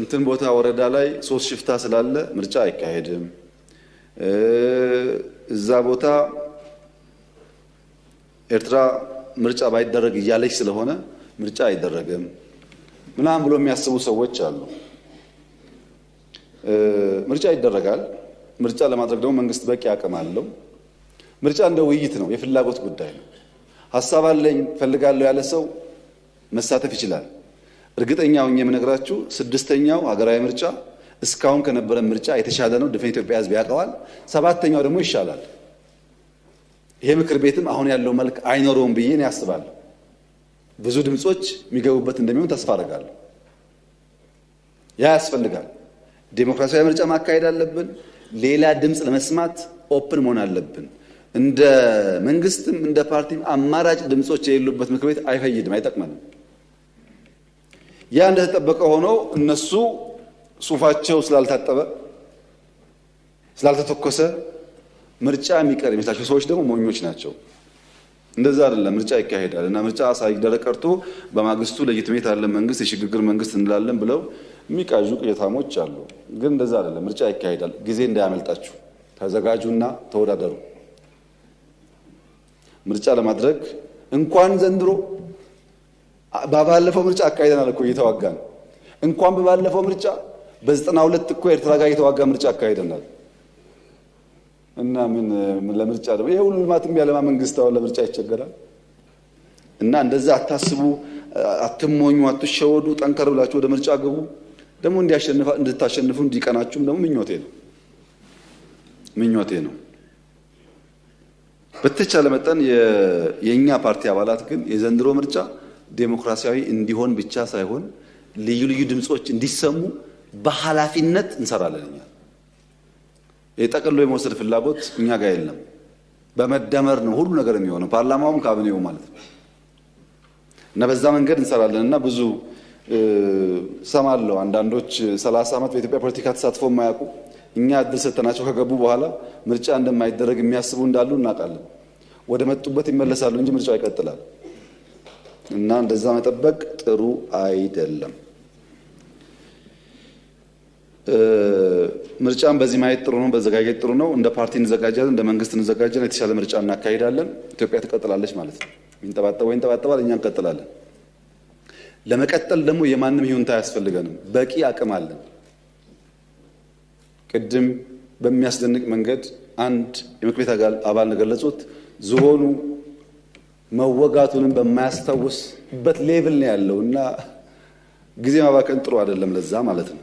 እንትን ቦታ ወረዳ ላይ ሶስት ሽፍታ ስላለ ምርጫ አይካሄድም፣ እዛ ቦታ ኤርትራ ምርጫ ባይደረግ እያለች ስለሆነ ምርጫ አይደረግም ምናምን ብሎ የሚያስቡ ሰዎች አሉ። ምርጫ ይደረጋል። ምርጫ ለማድረግ ደግሞ መንግስት በቂ አቅም አለው። ምርጫ እንደ ውይይት ነው፣ የፍላጎት ጉዳይ ነው። ሀሳብ አለኝ ፈልጋለሁ ያለ ሰው መሳተፍ ይችላል። እርግጠኛው እኛ የምነግራችሁ ስድስተኛው ሀገራዊ ምርጫ እስካሁን ከነበረ ምርጫ የተሻለ ነው። ድፍን ኢትዮጵያ ሕዝብ ያውቀዋል። ሰባተኛው ደግሞ ይሻላል። ይሄ ምክር ቤትም አሁን ያለው መልክ አይኖረውም ብዬ ነው ያስባለሁ። ብዙ ድምጾች የሚገቡበት እንደሚሆን ተስፋ አደርጋለሁ። ያ ያስፈልጋል። ዴሞክራሲያዊ ምርጫ ማካሄድ አለብን። ሌላ ድምፅ ለመስማት ኦፕን መሆን አለብን። እንደ መንግስትም እንደ ፓርቲም አማራጭ ድምጾች የሌሉበት ምክር ቤት አይፈይድም፣ አይጠቅመንም። ያ እንደተጠበቀ ሆኖ እነሱ ሱፋቸው ስላልታጠበ ስላልተተኮሰ ምርጫ የሚቀር የሚመስላቸው ሰዎች ደግሞ ሞኞች ናቸው። እንደዛ አይደለም። ምርጫ ይካሄዳል እና ምርጫ ሳይደረግ ቀርቶ በማግስቱ ለጅትሜት አለ መንግስት የሽግግር መንግስት እንላለን ብለው የሚቃዡ ቅጀታሞች አሉ። ግን እንደዛ አይደለም። ምርጫ ይካሄዳል። ጊዜ እንዳያመልጣችሁ ተዘጋጁና ተወዳደሩ። ምርጫ ለማድረግ እንኳን ዘንድሮ በባለፈው ምርጫ አካሂደናል እኮ እየተዋጋን እንኳን በባለፈው ምርጫ በዘጠና ሁለት እኮ ኤርትራ ጋር እየተዋጋ ምርጫ አካሂደናል። እና ምን ለምርጫ ደግሞ ይሄ ሁሉ ልማትም ያለማ መንግስት አሁን ለምርጫ ይቸገራል። እና እንደዛ አታስቡ፣ አትሞኙ፣ አትሸወዱ። ጠንከር ብላችሁ ወደ ምርጫ ግቡ። ደግሞ እንዲያሸንፋ እንድታሸንፉ እንዲቀናችሁም ደግሞ ምኞቴ ነው ምኞቴ ነው። በተቻለ መጠን የእኛ ፓርቲ አባላት ግን የዘንድሮ ምርጫ ዴሞክራሲያዊ እንዲሆን ብቻ ሳይሆን ልዩ ልዩ ድምፆች እንዲሰሙ በኃላፊነት እንሰራለን። እኛ የጠቅሎ የመውሰድ ፍላጎት እኛ ጋር የለም። በመደመር ነው ሁሉ ነገር የሚሆነው ፓርላማውም ካቢኔው ማለት ነው። እና በዛ መንገድ እንሰራለን እና ብዙ ሰማለሁ። አንዳንዶች ሰላሳ ዓመት በኢትዮጵያ ፖለቲካ ተሳትፎ የማያውቁ እኛ እድል ሰተናቸው ከገቡ በኋላ ምርጫ እንደማይደረግ የሚያስቡ እንዳሉ እናውቃለን። ወደ መጡበት ይመለሳሉ እንጂ ምርጫው ይቀጥላል። እና እንደዛ መጠበቅ ጥሩ አይደለም። ምርጫን በዚህ ማየት ጥሩ ነው፣ መዘጋጀት ጥሩ ነው። እንደ ፓርቲ እንዘጋጃለን፣ እንደ መንግስት እንዘጋጃለን፣ የተሻለ ምርጫ እናካሂዳለን። ኢትዮጵያ ትቀጥላለች ማለት ነው። ወይ ይንጠባጠባል፣ እኛ እንቀጥላለን። ለመቀጠል ደግሞ የማንም ይሁንታ አያስፈልገንም። በቂ አቅም አለን። ቅድም በሚያስደንቅ መንገድ አንድ የምክር ቤት አባል እንደገለጹት ዝሆኑ መወጋቱንም በማያስታውስበት ሌቭል ነው ያለው እና ጊዜ ማባከን ጥሩ አይደለም። ለዛ ማለት ነው።